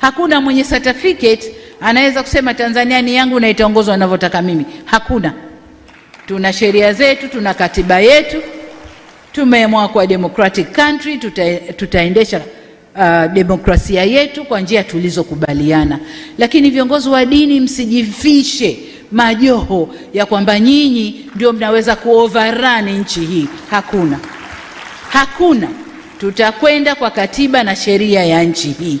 Hakuna mwenye certificate anaweza kusema Tanzania ni yangu na itaongozwa ninavyotaka mimi. Hakuna. Tuna sheria zetu, tuna katiba yetu, tumeamua kwa democratic country, tuta, tutaendesha uh, demokrasia yetu kwa njia tulizokubaliana. Lakini viongozi wa dini, msijifishe majoho ya kwamba nyinyi ndio mnaweza kuoverrun nchi hii. Hakuna, hakuna. Tutakwenda kwa katiba na sheria ya nchi hii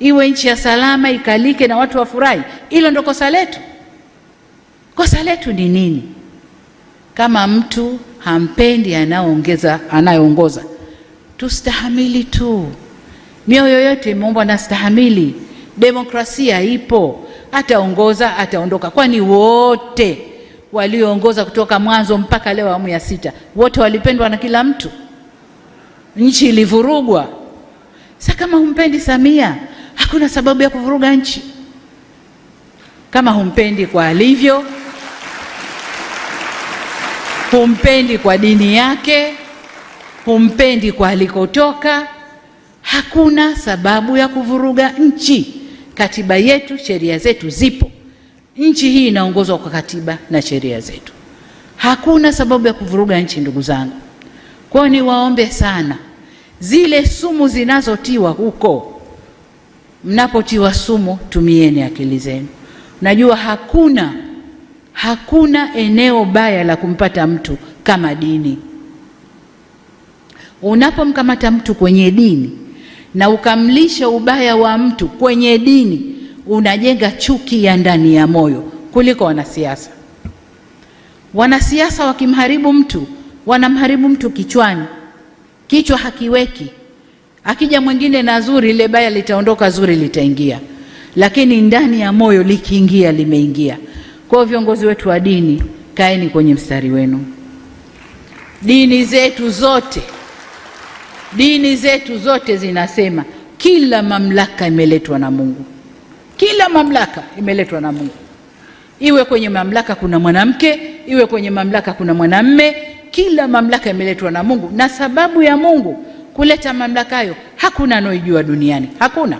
iwe nchi ya salama, ikalike na watu wafurahi. Hilo ndo kosa letu. Kosa letu ni nini? Kama mtu hampendi anaongeza anayeongoza, tustahamili tu. Mioyo yote imeombwa na stahamili. Demokrasia ipo, ataongoza ataondoka. Kwani wote walioongoza kutoka mwanzo mpaka leo awamu ya sita, wote walipendwa na kila mtu? Nchi ilivurugwa. Sa kama humpendi Samia hakuna sababu ya kuvuruga nchi. Kama humpendi kwa alivyo, humpendi kwa dini yake, humpendi kwa alikotoka, hakuna sababu ya kuvuruga nchi. Katiba yetu, sheria zetu zipo. Nchi hii inaongozwa kwa katiba na sheria zetu. Hakuna sababu ya kuvuruga nchi, ndugu zangu. Kwa hiyo niwaombe sana, zile sumu zinazotiwa huko mnapotiwa sumu tumieni akili zenu. Najua hakuna hakuna eneo baya la kumpata mtu kama dini. Unapomkamata mtu kwenye dini na ukamlisha ubaya wa mtu kwenye dini, unajenga chuki ya ndani ya moyo kuliko wanasiasa. Wanasiasa wakimharibu mtu, wanamharibu mtu kichwani, kichwa hakiweki Akija mwingine na zuri, ile baya litaondoka, zuri litaingia, lakini ndani ya moyo likiingia, limeingia. Kwa hiyo viongozi wetu wa dini, kaeni kwenye mstari wenu. Dini zetu zote, dini zetu zote zinasema kila mamlaka imeletwa na Mungu, kila mamlaka imeletwa na Mungu. Iwe kwenye mamlaka kuna mwanamke, iwe kwenye mamlaka kuna mwanamme, kila mamlaka imeletwa na Mungu na sababu ya Mungu kuleta mamlaka hayo hakuna anaoijua duniani, hakuna.